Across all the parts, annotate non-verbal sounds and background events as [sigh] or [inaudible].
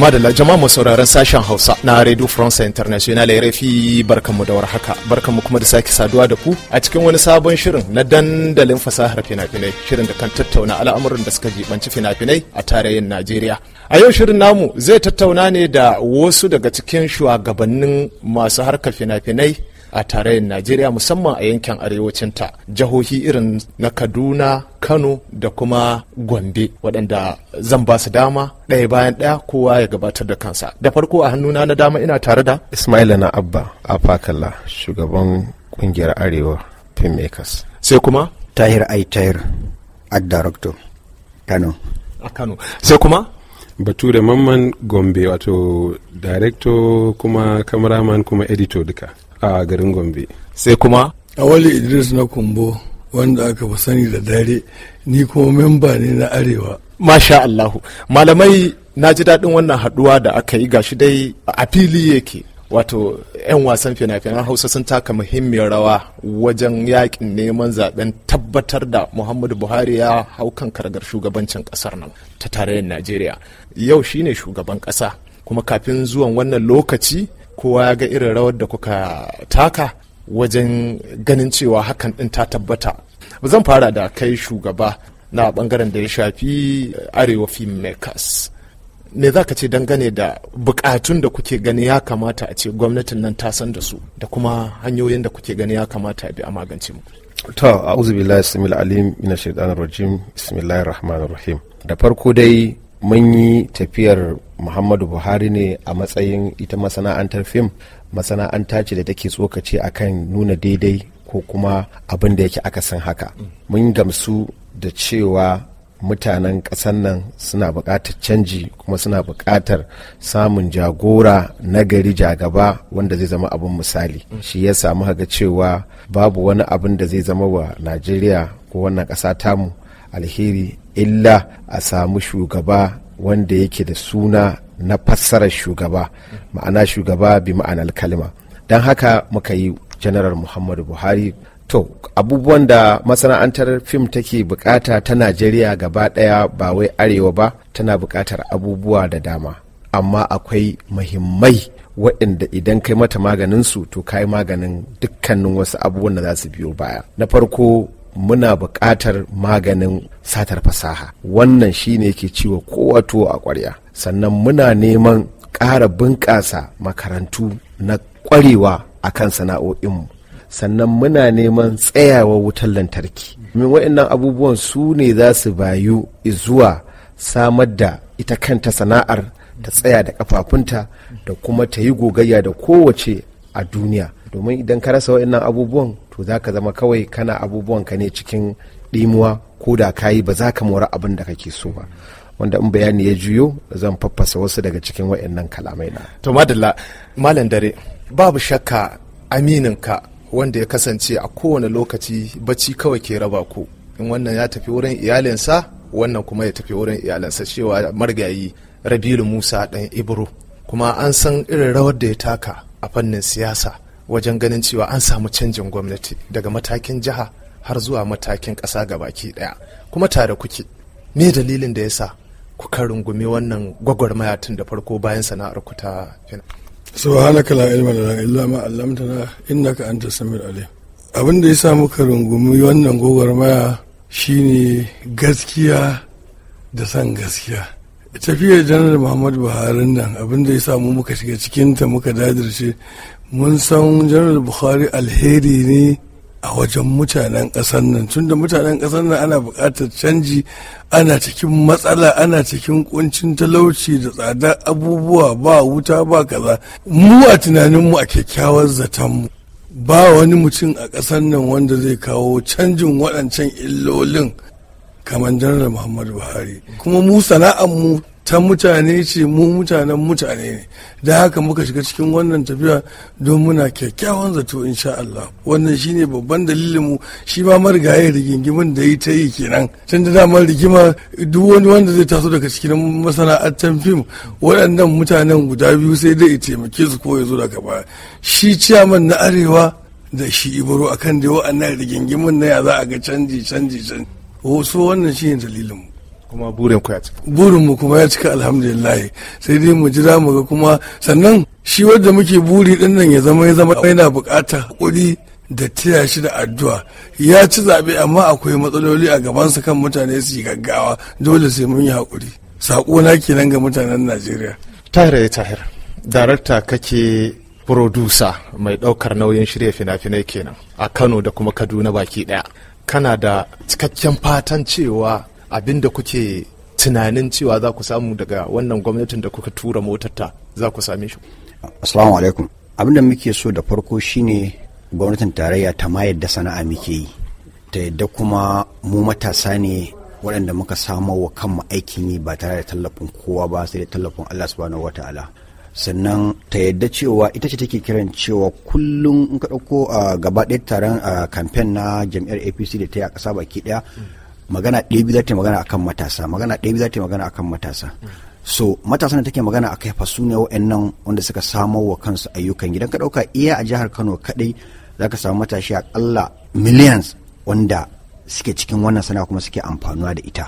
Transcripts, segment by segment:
Tuma da jama'a mu sauraron sashen Hausa na Radio France International RFI barkanmu da warhaka. Barkanmu kuma da sake saduwa da ku a cikin wani sabon shirin na dandalin fasahar fina-finai, shirin da kan tattauna al'amuran da suka jibanci fina-finai a tarayyar Najeriya. A yau shirin namu zai tattauna ne da wasu daga cikin shugabannin masu harkar fina-finai a tarayyar najeriya musamman a yankin arewacin ta jihohi irin na kaduna kano da kuma gombe waɗanda zan ba su dama ɗaya bayan ɗaya kowa ya gabatar da kansa da farko a hannuna na dama ina tare da ismaila na abba afakalla shugaban kungiyar arewa filmmakers sai kuma tahir ai tahir director kano a kano sai kuma bature mamman gombe wato director kuma cameraman kuma editor duka a garin gombe sai kuma awali idris na kumbo wanda aka fi sani da dare ni kuma memba ne na arewa masha allahu malamai na ji daɗin wannan haɗuwa da aka yi gashi dai a fili yake wato 'yan wasan fina-finan hausa sun taka muhimmiyar rawa wajen yakin neman zaben tabbatar da muhammadu buhari ya hau kan kargar shugabancin kasar nan ta tarayyar najeriya yau shine shugaban ƙasa, kuma kafin zuwan wannan lokaci kowa ya ga irin rawar da kuka taka wajen ganin cewa hakan din ta tabbata zan fara da kai shugaba na bangaren da ya shafi arewa film makers me za ka ce dangane da bukatun da kuke gani ya kamata a ce gwamnatin nan ta san da su da kuma hanyoyin da kuke gani ya kamata a bi a magance mu to a'udhu billahi samil alim min shaitanir rajim bismillahir rahmanir rahim da farko dai mun yi tafiyar muhammadu buhari ne a matsayin ita masana'antar fim masana'anta ce da take tsokace kan nuna daidai ko kuma abin da yake aka san haka mun gamsu da cewa mutanen ƙasar nan suna bukatar canji kuma suna bukatar samun jagora nagari jagaba wanda zai zama abin misali shi ya samu haga cewa babu wani abin da zai zama wa najeriya ko wannan ƙasa tamu alheri illa a samu shugaba wanda yake da suna na fassarar shugaba ma'ana shugaba bi ma'anar kalima don haka muka yi janaral muhammadu buhari to abubuwan da masana'antar fim take bukata ta najeriya gaba daya ba wai arewa ba tana bukatar abubuwa da dama amma akwai mahimmai waɗanda idan kai mata maganin su to kai maganin dukkanin wasu abubuwan da za su biyo baya na farko muna buƙatar maganin satar fasaha wannan shine ke ciwo kowa a ƙwarya sannan muna neman ƙara bunƙasa makarantu na ƙwarewa a kan sana'o'inmu sannan muna neman tsayawa wutar lantarki domin waɗannan abubuwan su ne za su bayu zuwa samar da ita kanta sana'ar ta tsaya da ƙafafunta da kuma ta yi gogayya da kowace a duniya domin idan ka rasa waɗannan abubuwan to za ka zama kawai kana abubuwan ka ne cikin ɗimuwa ko da ka yi ba za ka mora abin da kake so ba wanda in bayani ya juyo zan faffasa wasu daga cikin waɗannan kalamai na. to madalla malam dare babu shakka ka wanda ya kasance a kowane lokaci bacci kawai ke raba ku in wannan ya tafi wurin iyalinsa wannan kuma ya tafi wurin iyalinsa cewa marigayi rabilu musa dan ibro kuma an san irin rawar da ya taka a fannin siyasa wajen ganin cewa an samu canjin gwamnati daga matakin jiha har zuwa matakin ƙasa gabaki ɗaya kuma tare kuke me dalilin da ya sa kuka rungumi wannan gwagwarmaya tun da farko bayan sana'ar ku ta fina subhanaka la ilma lana illa ma 'allamtana innaka antas samiul alim abin da ya sa muka rungumi wannan gwagwarmaya shine gaskiya da san gaskiya tafiyar janar muhammadu buhari nan abin da ya sa mu muka shiga cikinta muka dadirce mun san janar buhari alheri ne a wajen mutanen ƙasar nan tunda mutanen ƙasar nan ana buƙatar canji ana cikin matsala ana cikin kuncin talauci da tsada abubuwa ba wuta ba kaza mu a tunaninmu a kyakkyawar zatonmu ba wani mutum a ƙasar nan wanda zai kawo canjin waɗancan illolin kamar janar muhammadu buhari kuma mu sana'ar mu. ta mutane ce mu mutanen mutane ne da haka muka shiga cikin wannan tafiya don muna kyakkyawan zato insha Allah wannan shine babban dalilin mu shi ba marigaye rigingimin da yi ta yi kenan tun da damar rigima duk wani wanda zai taso daga cikin masana'antar fim waɗannan mutanen guda biyu sai dai taimake su ko ya zo daga baya shi ciyaman na arewa da shi ibaro akan da wa'annan rigingimin na ya za a ga canji canji canji wasu wannan shi dalilin mu. kuma burin ku ya cika burin mu kuma ya cika alhamdulillah sai dai mu jira mu ga kuma sannan shi wanda muke buri din nan ya zama ya zama yana bukata hakuri da tiya shi da addu'a ya ci zaɓe amma akwai matsaloli a gaban sa kan mutane su yi gaggawa dole sai mun yi hakuri. saƙo na kenan ga mutanen najeriya tahir ya eh, tahir darakta kake furodusa mai ɗaukar nauyin shirya fina-finai kenan a kano da kuma kaduna baki ɗaya kana da cikakken fatan cewa abin da kuke tunanin cewa za ku samu daga wannan gwamnatin da kuka tura motarta za ku same shi assalamu alaikum abin da muke so da farko shine gwamnatin tarayya ta ma yadda sana'a muke yi ta yadda kuma mu matasa ne waɗanda muka samo wa kanmu aikin yi ba tare da tallafin kowa ba sai da tallafin Allah subhanahu wata'ala sannan ta yadda cewa ita ce take kiran cewa kullum in ka ɗauko a ah, gaba ɗaya taron a ah, kamfen na jam'iyyar apc da ta yi a ƙasa baki ɗaya magana ɗaya biyu za ta magana akan matasa magana ɗaya biyu za ta magana akan matasa so matasan da take magana a kai su ne wa'annan wanda suka samo wa kansu ayyukan gidan ka ɗauka iya a jihar kano kaɗai za ka samu matashi a aƙalla millions wanda suke cikin wannan sana'a kuma suke amfanuwa da ita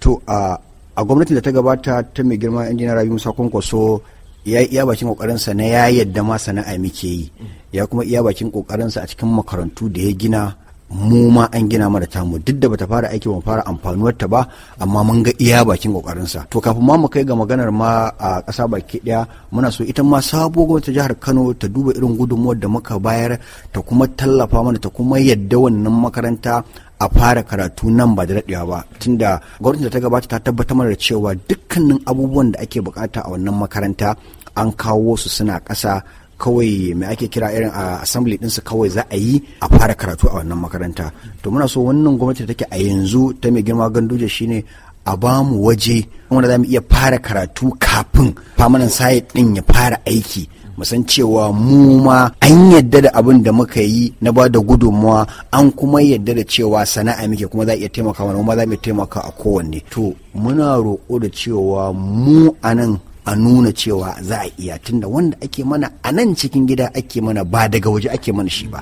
to a gwamnatin da ta gabata ta mai girma injiniya rabi musa kwankwaso ya iya bakin sa na ya yadda ma sana'a muke yi ya kuma iya bakin kokarin sa a cikin makarantu da ya gina mu ma an gina mana ta mu duk da bata fara aiki ban fara amfanuwar ta ba amma mun ga iya bakin sa to kafin ma mu kai ga maganar ma a ƙasa baki daya muna so ita ma sabo ta jihar Kano ta duba irin gudunmuwar da muka bayar ta kuma tallafa mana ta kuma yadda wannan makaranta a fara karatu nan ba da daɗewa ba tunda gwamnati da ta gabata ta tabbatar mana da cewa dukkanin abubuwan da ake bukata a wannan makaranta an kawo su suna ƙasa kawai mai ake kira irin a assembly ɗinsu kawai za a yi a fara karatu a wannan makaranta to muna so wannan gwamnati take a yanzu ta mai girma ganduje shine a ba mu waje wanda za mu iya fara karatu kafin famanan sayid ɗin ya fara aiki musan cewa mu ma an yadda da abin da muka yi na ba da gudunmawa an kuma yadda da cewa sana'a muke kuma za a iya taimaka mana kuma za mu taimaka a kowanne to muna roƙo da cewa mu anan. a nuna cewa za a iya tunda wanda ake mana a nan cikin gida ake mana ba daga waje ake mana shi ba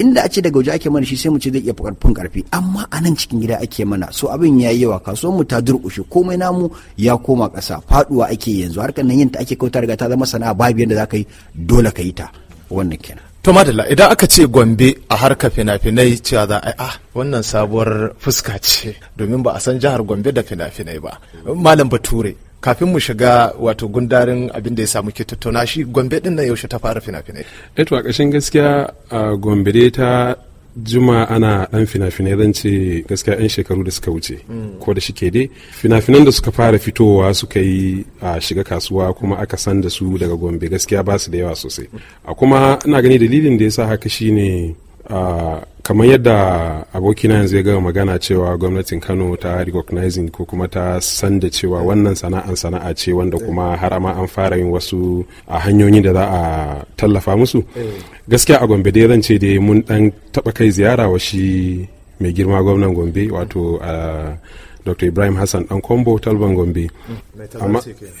inda a ce daga waje ake mana shi sai mu ce zai iya karfin karfi amma a nan cikin gida ake mana so abin ya yi yawa kasuwar mu ta durƙushe komai namu ya koma ƙasa faɗuwa ake yanzu harkar nan yin ta ake kauta riga ta zama sana'a babu yadda za ka yi dole ka yi ta wannan kenan to madalla idan aka ce gombe a harka fina-finai cewa za a yi ah wannan sabuwar fuska ce domin ba a san jihar gombe da fina-finai ba malam bature kafin mu shiga wato gundarin abin da ya samu ke tattauna shi gombe din nan yaushe ta fara fina-finai eto eh a ƙashin gaskiya a gombe dai ta juma ana ɗan fina-finai zan ce gaskiya 'yan shekaru da suka wuce mm. ko da shi ke dai fina-finan da suka fara fitowa suka yi a shiga kasuwa kuma aka san da su daga gombe gaskiya ba su da yawa sosai a kuma ina gani dalilin da ya sa haka shine a kamar yadda abokina yanzu ya gama magana cewa gwamnatin kano ta recognizing ko kuma ta san da cewa wannan sana'an sana'a ce wanda kuma har ma an fara yin wasu a hanyoyin da za a tallafa musu eh. gaskiya a gombe dai zan ce dai mun dan taba kai ziyara wa shi mai girma gwamnan gombe wato ah, dr ibrahim hassan dan kombo talban gombe mm.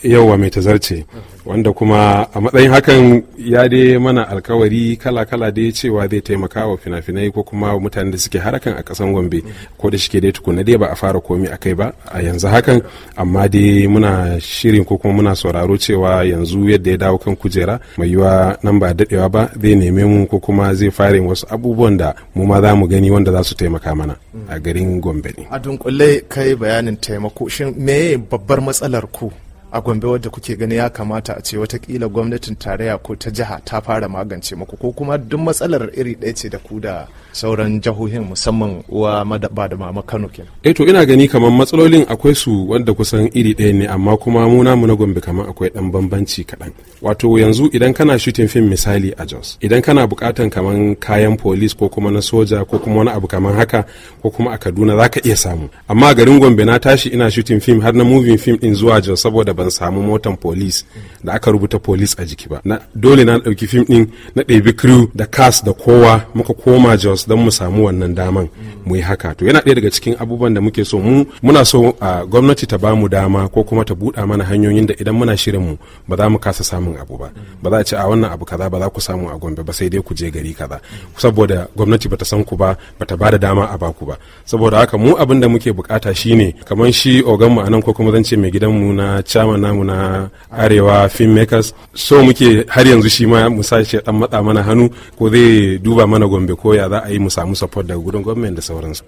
yauwa mai tazarce wanda kuma a matsayin hakan ya dai mana alkawari kala-kala dai cewa zai taimaka wa fina-finai ko kuma mutane da suke harakan a kasan gombe ko da shike dai tukuna dai ba a fara komi a kai ba a yanzu hakan amma dai muna shirin ko kuma muna sauraro cewa yanzu yadda ya dawo kan kujera mai yiwa nan ba daɗewa ba zai neme mu ko kuma zai fara wasu abubuwan da mu ma za mu gani wanda za su taimaka mana a garin gombe ne a dunkule kai bayanin taimako shin meye babbar matsalar 酷。a gombe wadda kuke gani ya kamata a ce watakila gwamnatin tarayya ko ta jiha ta fara magance muku ko kuma duk matsalar iri ɗaya ce da ku da sauran jihohin musamman uwa madaba da mama kano kenan eh to ina gani kamar matsalolin akwai su wanda kusan iri ɗaya ne amma kuma mu namu na gombe kamar akwai ɗan bambanci kaɗan wato yanzu idan kana shooting fim misali a jos idan kana buƙatan kamar kayan police ko kuma na soja ko kuma wani abu kamar haka ko kuma a kaduna zaka iya samu amma garin gombe na tashi ina shooting fim har na moving fim ɗin zuwa jos saboda ban samu motan polis da aka rubuta polis a jiki ba na dole na ɗauki fim din na ɗebi crew da cast da kowa muka koma jos don mu samu wannan daman mu yi haka to yana ɗaya daga cikin abubuwan da muke so mu muna so a gwamnati ta bamu dama ko kuma ta buɗa mana hanyoyin da idan muna shirin mu ba za mu kasa samun abu ba ba za a ce a wannan abu kaza ba za ku samu a gombe ba sai dai ku je gari kaza saboda gwamnati bata san ku ba bata ba da dama a baku ba saboda haka mu abin da muke bukata shine kamar shi oganmu a nan ko kuma zan ce mai mu na chairman musamman namu na arewa filmmakers so muke har yanzu shi ma mu sace dan matsa mana hannu ko zai duba mana gombe ko ya za a yi mu samu support daga gudun gwamnati da sauransu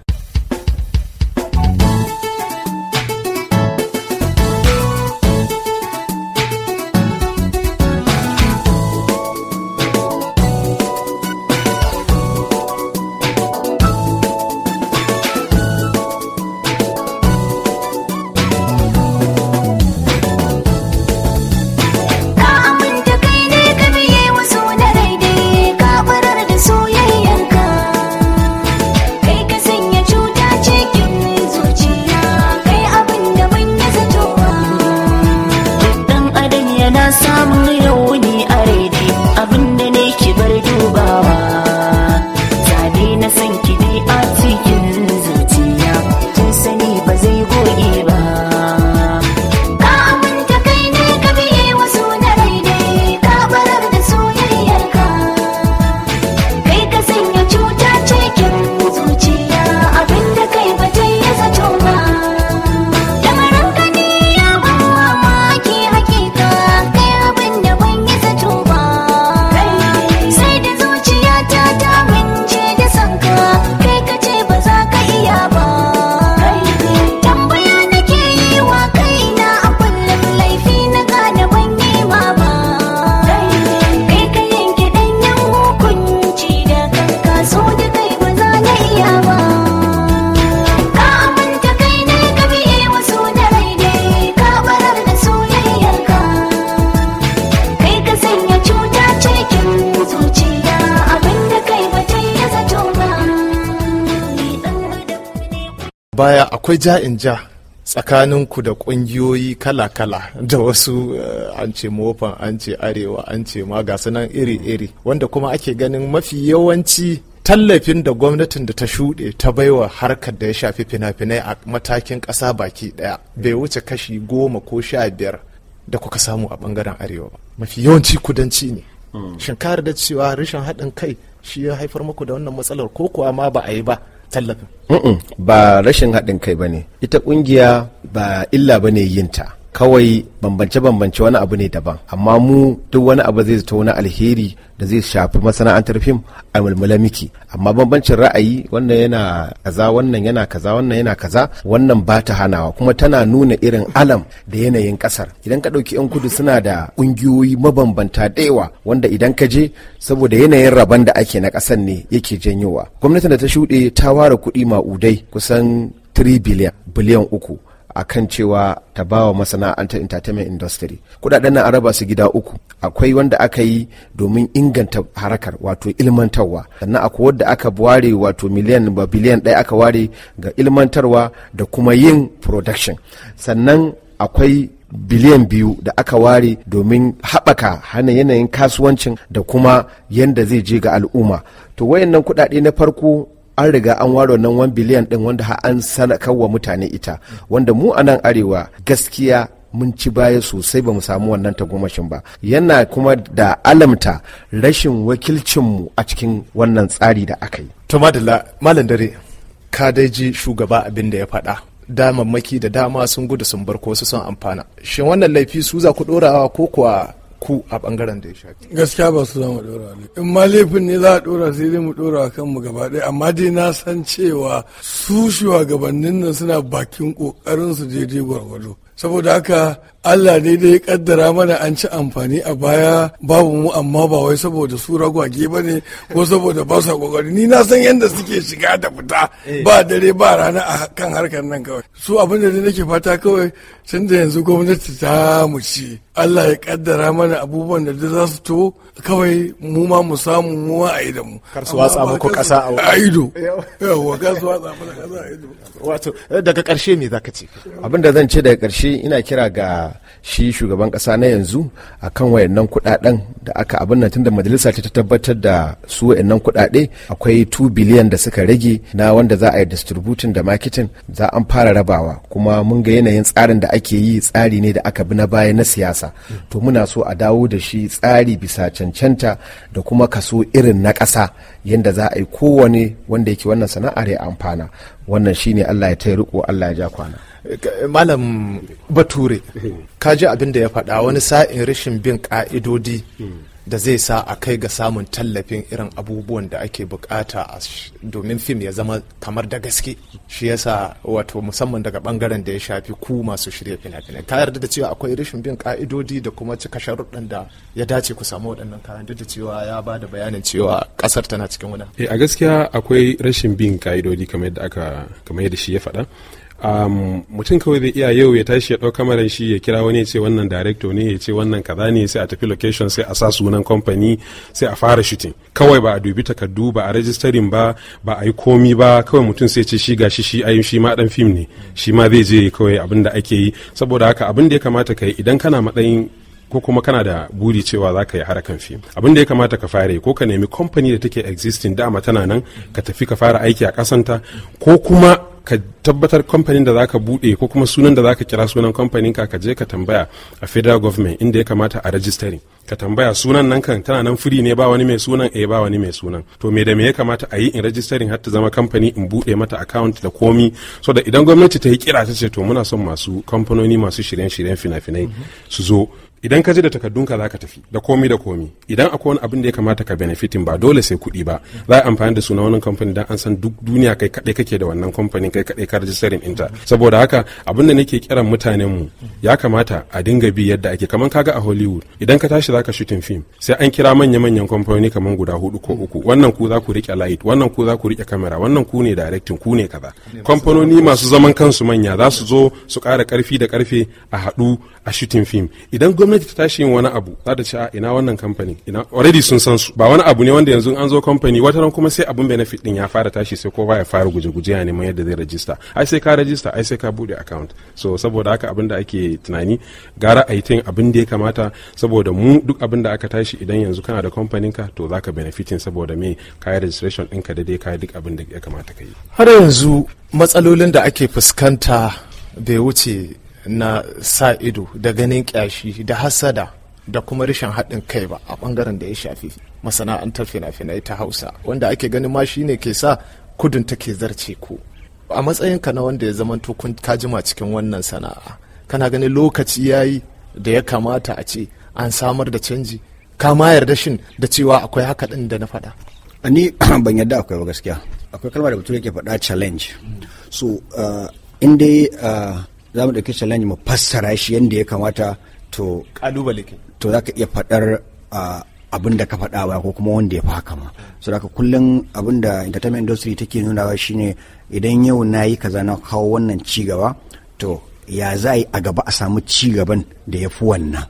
baya akwai ja in ja tsakaninku da kungiyoyi kala-kala da wasu eh, an ce mofan an ce arewa an ce ma ga nan iri-iri wanda kuma ake ganin mafi yawanci tallafin da gwamnatin da ta shuɗe ta baiwa harkar da ya shafi fina-finai a matakin ƙasa baki ɗaya bai wuce kashi goma ko sha biyar da kuka samu a ɓangaren arewa ba mafi yawanci kudanci ne hmm. shin da cewa rashin haɗin kai shi ya haifar muku da wannan matsalar ko kuwa ma ba a yi ba tallafin ba rashin haɗin kai ba ne ita ƙungiya ba illa ba ne yinta kawai bambance-bambance wani abu ne daban amma mu duk wani abu zai zato wani alheri da zai shafi masana'antar fim a mulmula miki amma bambancin ra'ayi wannan yana kaza wannan yana kaza wannan yana kaza wannan ba ta hanawa kuma tana nuna irin alam da yanayin kasar idan ka ɗauki 'yan kudu suna da ƙungiyoyi mabambanta daewa wanda idan ka je saboda yanayin rabon da ake na ƙasar ne yake janyowa gwamnatin da ta shuɗe ta ware kuɗi ma'udai kusan 3 biliyan biliyan uku a kan cewa ta ba wa masana'antar entertainment industry kudaden nan araba su gida uku akwai wanda aka yi domin inganta harakar wato ilmantarwa sannan akwai wanda aka ware wato miliyan ba biliyan ɗaya aka ware ga ilmantarwa da kuma yin production sannan akwai biliyan biyu da aka ware domin haɓaka hana yanayin kasuwancin da kuma yanda zai je ga al'umma to wayannan kuɗaɗe na farko an riga an ware wannan 1 biliyan din wanda an wa mutane ita wanda mu a nan arewa gaskiya mun ci baya sosai ba mu samu wannan tagomashin ba yana kuma da alamta rashin wakilcinmu a cikin wannan tsari da aka yi. to madalla malam dare ka dai ji shugaba abin da ya faɗa damammaki da dama sun gudu sun bar ko su sun amfana shin wannan laifi su za ku ɗorawa ko kuwa ku a bangaren da ya shafi gaskiya ba su zama dora ne in ma laifin ne za a dora sai dai mu dora a kanmu gaba ɗaya amma dai na san cewa su shugabannin nan suna bakin kokarin su daidai gwargwado saboda haka Allah ne dai ya kaddara mana an ci amfani a baya babu mu amma ba wai saboda su ragwage ba ne ko saboda ba su kokari ni na san yadda suke shiga da fita eh. ba dare ba rana a kan harkar nan kawai su abin da nake fata kawai tun da yanzu gwamnati ta mu ci Allah ya kaddara mana abubuwan da za su to kawai mu ma mu samu mu a ido da mu kar su watsa muku kasa a ido yawa kar su watsa muku kasa a ido wato eh, daga karshe me zaka ce abin da zan ce daga karshe ina kira ga shi shugaban kasa na yanzu a kan wayannan kudaden da aka abin nan tunda majalisa ta tabbatar da su wayannan kudade akwai 2 biliyan da suka rage na wanda za a yi distributing da marketing za an fara rabawa kuma mun ga yanayin tsarin da ake yi tsari ne da aka bi na baya na siyasa to muna so a dawo da shi tsari bisa cancanta da kuma kaso irin na ƙasa yadda za a yi kowane wanda yake wannan sana'ar ya amfana wannan shine Allah ya ta riko Allah ya ja kwana malam bature ka ji abin da ya faɗa wani sa'in rashin bin ka'idodi da zai sa a kai ga samun tallafin irin abubuwan da ake bukata domin fim ya zama kamar da gaske shi yasa wato musamman daga bangaren da ya shafi ku masu shirya fina-finai ka yarda da cewa akwai rashin bin ka'idodi da kuma cika sharuɗan da ya dace ku samu waɗannan kayan duk da cewa ya ba da bayanin cewa ƙasar tana cikin wani eh, a gaskiya akwai rashin bin ka'idodi kamar yadda kamar yadda shi ya faɗa Um, mutum kawai zai iya yau ya tashi ya ɗauka maran shi ya kira wani ya ce wannan director ne ya ce wannan kaza ne sai a tafi location sai a sa sunan company sai a fara shooting kawai ba a dubi takardu ba a registering ba ba a yi komi ba kawai mutum sai ce shi ga shi ayi shi ma dan fim ne shi ma zai je kawai abin da ake yi saboda haka abin da ya kamata ka yi idan kana matsayin ko kuma kana da buri cewa za ka yi harakan fim abin da ya kamata ka fara ko ka nemi kamfani da take existing dama tana nan ka tafi ka fara aiki a kasanta ko kuma ka tabbatar kamfanin da za ka bude ko kuma sunan da za ka kira sunan kamfanin ka ka je ka tambaya a federal government inda ya kamata a registering ka tambaya sunan nan kan tana nan free ne ba wani mai sunan eh ba wani mai sunan to me da me ya kamata a yi in registering har ta zama kamfani in bude mata account da komi so da idan gwamnati ta yi kira ta ce to muna son masu kamfanoni masu shirye-shiryen fina-finai su zo idan ka ji da takaddunka za ka tafi da komi da komi idan akwai wani abin da ya kamata ka benefitin ba dole sai kuɗi ba za a amfani da suna wannan kamfani dan an san duk duniya kai kaɗai kake da wannan kamfanin kai kaɗai ka rajistarin inta saboda haka abin da nake kiran mutanen mu ya kamata a dinga bi yadda ake kaman kaga a Hollywood idan ka tashi za ka shooting fim sai an kira manya manyan kamfanoni kaman guda hudu ko uku wannan ku za ku rike light wannan ku za ku rike camera wannan ku ne directing ku ne kaza kamfanoni masu zaman kansu manya za su zo su ƙara karfi da ƙarfe a haɗu a shooting fim idan gwamnati gwamnati ta tashi yin wani abu za ta ce a ina wannan kamfani ina already sun san su ba wani abu ne wanda yanzu an zo kamfani wata ran kuma sai abun benefit din ya fara tashi sai kowa ya fara guje-guje ya neman yadda zai register ai sai ka register ai sai ka bude account so saboda haka abin da ake tunani gara a yi abin da ya kamata saboda mu duk abin da aka tashi idan yanzu kana da kamfanin ka to zaka benefitin saboda me kayan registration ɗinka da dai kayan duk abin da ya kamata ka yi har yanzu matsalolin da ake fuskanta bai wuce na sa ido da ganin kyashi da hasada da kuma rashin haɗin kai ba a ɓangaren da ya shafi masana'antar fina-finai ta hausa wanda ake ganin ma shi ne ke sa kudin take zarce ku a matsayinka na wanda ya zama kun jima cikin wannan sana'a kana ganin lokaci ya yi da ya kamata a ce an samar da canji ka ma yarda shin da cewa akwai haka ɗin da na faɗa ni [clears throat] ban yarda akwai ba gaskiya akwai kalmar da mutum ke faɗa challenge so uh, in dai uh, za mu ɗauki challenge mu fassara shi yadda ya kamata to kalubale to za ka iya faɗar abin da ka faɗa ba ko kuma wanda ya fi haka ma so da kullum abin da entertainment industry take nunawa shine idan yau na yi kaza na kawo wannan ci gaba to ya za a yi a gaba a samu ci gaban da ya fi wannan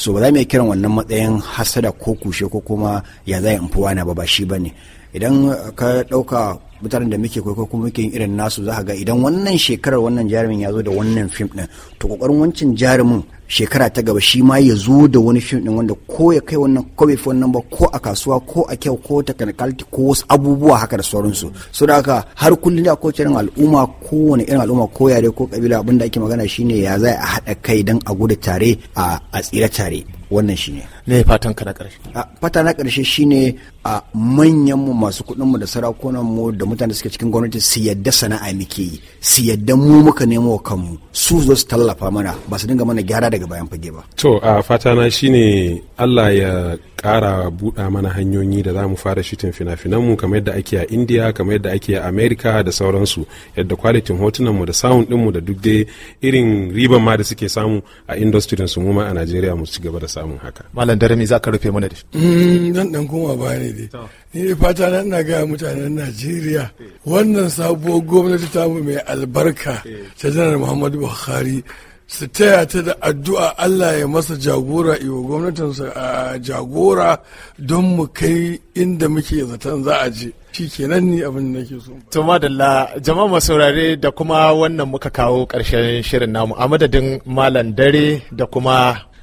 so ba za mu iya kiran wannan matsayin hasada ko kushe ko kuma ya za a yi in ba ba shi ba ne idan ka ɗauka mutanen da muke kwaikwayo kuma muke yin irin nasu za ga idan wannan shekarar wannan jarumin ya zo da wannan fim ɗin to kokarin wancan jarumin shekara ta gaba shi ma ya zo da wani fim ɗin wanda ko ya kai wannan ko bai wannan ba ko a kasuwa ko a kyau ko technicality ko wasu abubuwa haka da sauransu so da haka har kullum da kowace irin al'umma wani irin al'umma ko yare ko kabila abin da ake magana shine ya za a haɗa kai don a gudu tare a tsira tare wannan shi ne fatan ka na karshe fata na shi shine a manyan mu masu kuɗin mu da sarakunan mu da mutane suke cikin gwamnati su yadda sana'a muke yi su yadda mu muka nemo kanmu su zo su tallafa mana ba su dinga mana gyara daga bayan fage ba to a fata na shine Allah ya kara buɗa mana hanyoyi da za mu fara shitin fina-finan mu kamar yadda ake a India kamar yadda ake a America da sauransu yadda kwalitin hotunan mu da sound dinmu mu da duk dai irin riban ma da suke samu a industry su mu ma a Najeriya mu ci gaba da sa. samun haka malam dare za ka rufe mana da shi nan mm, dan kuma ba ne dai ni dai fata na gaya ga mutanen Najeriya wannan sabuwar gwamnati ta mu mai albarka eh. ta janar Muhammadu Buhari su taya ta da addu'a Allah ya masa jagora iwa gwamnatinsa a jagora don mu kai inda muke zaton za a je shi kenan ni abin da nake so to madalla jama'a saurare da kuma wannan muka kawo ƙarshen shirin namu a madadin malam dare da kuma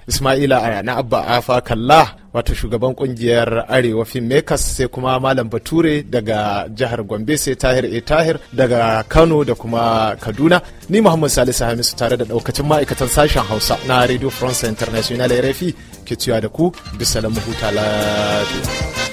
Ismaila na Abba Afa Kalla wato shugaban kungiyar Arewa Filmmakers sai kuma Malam Bature daga jihar Gombe sai Tahir E Tahir daga Kano da kuma Kaduna. Ni Muhammad Salisu Hamisu tare da daukacin ma'aikatan sashen Hausa na Radio France International RFI ke cewa da ku bisa huta lafiya.